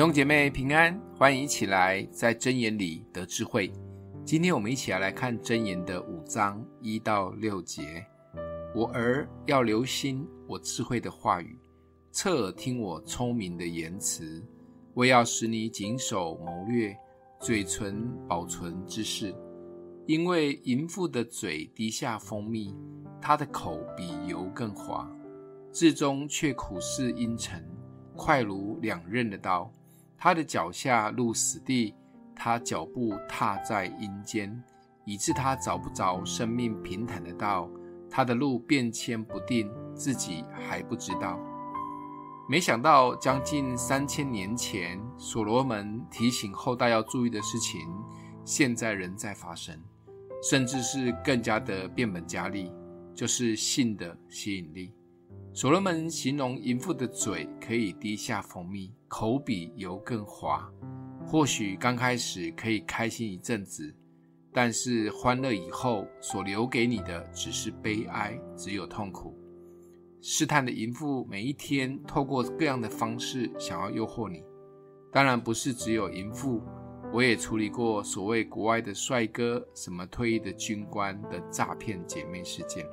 弟兄姐妹平安，歡迎一起來在箴言裡得智慧。今天我們一起來來看箴言的五章一到六節。我兒要留心我智慧的話語，側耳聽我聰明的言詞，為要使你謹守謀略，嘴唇保存知識，因為淫婦的嘴滴下蜂蜜，她的口比油更滑，至終卻苦似茵蔯，快如兩刃的刀。他的腳下入死地，他腳步踏在陰間，以致他找不着生命平坦的道。他的路變遷不定，自己還不知道。沒想到將近三千年前，所羅門提醒後代要注意的事情，現在仍在發生，甚至是更加的變本加厲，就是性的吸引力。所羅門形容淫婦的嘴可以滴下蜂蜜，口比油更滑。或許剛開始可以開心一陣子，但是歡樂以後所留給你的只是悲哀，只有痛苦。試探的淫婦每一天透過各樣的方式想要誘惑你。當然不是只有淫婦，我也處理過所謂國外的帥哥、什麼退役的軍官的詐騙姐妹事件。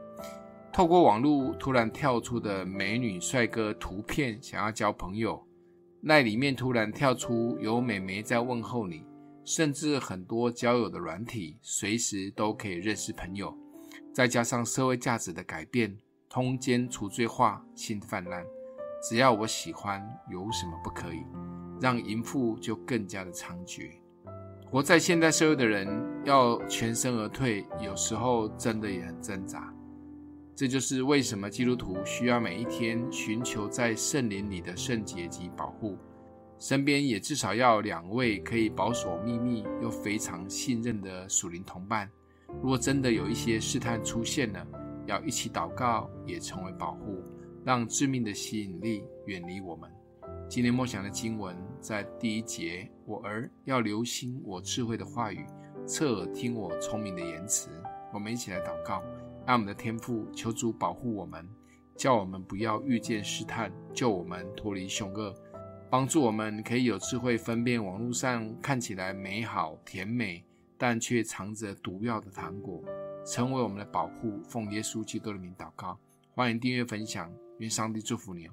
透過網絡突然跳出的美女帥哥圖片，想要交朋友，那裡面突然跳出有美眉在問候你，甚至很多交友的軟體，隨時都可以認識朋友。再加上社會價值的改變，通姦除罪化，性氾濫，只要我喜歡，有什麼不可以？讓淫婦就更加的猖獗。活在現代社會的人，要全身而退，有時候真的也很掙扎。這就是為什麼基督徒需要每一天尋求在聖靈裡的聖潔及保護，身邊也至少要兩位可以保守秘密又非常信任的屬靈同伴。如果真的有一些試探出現了，要一起禱告也成為保護，讓致命的吸引力遠離我們。今天默想的經文在第一節：我兒要留心我智慧的話語，側耳聽我聰明的言辭。我們一起來禱告。愛我們的天父，求主保護我們，叫我們不要遇見試探，救我們脫離兇惡，幫助我們可以有智慧，分辨網絡上看起來美好甜美但卻藏着毒藥的糖果，成為我們的保護。奉耶穌基督的名禱告，歡迎訂閱分享，願上帝祝福你。